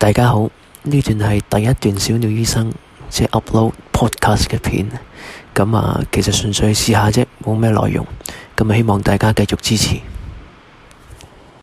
大家好，呢段係第一段《小鳥醫生》即係 upload podcast 嘅片，咁、嗯、啊，其實純粹試下啫，冇咩內容，咁啊，希望大家繼續支持。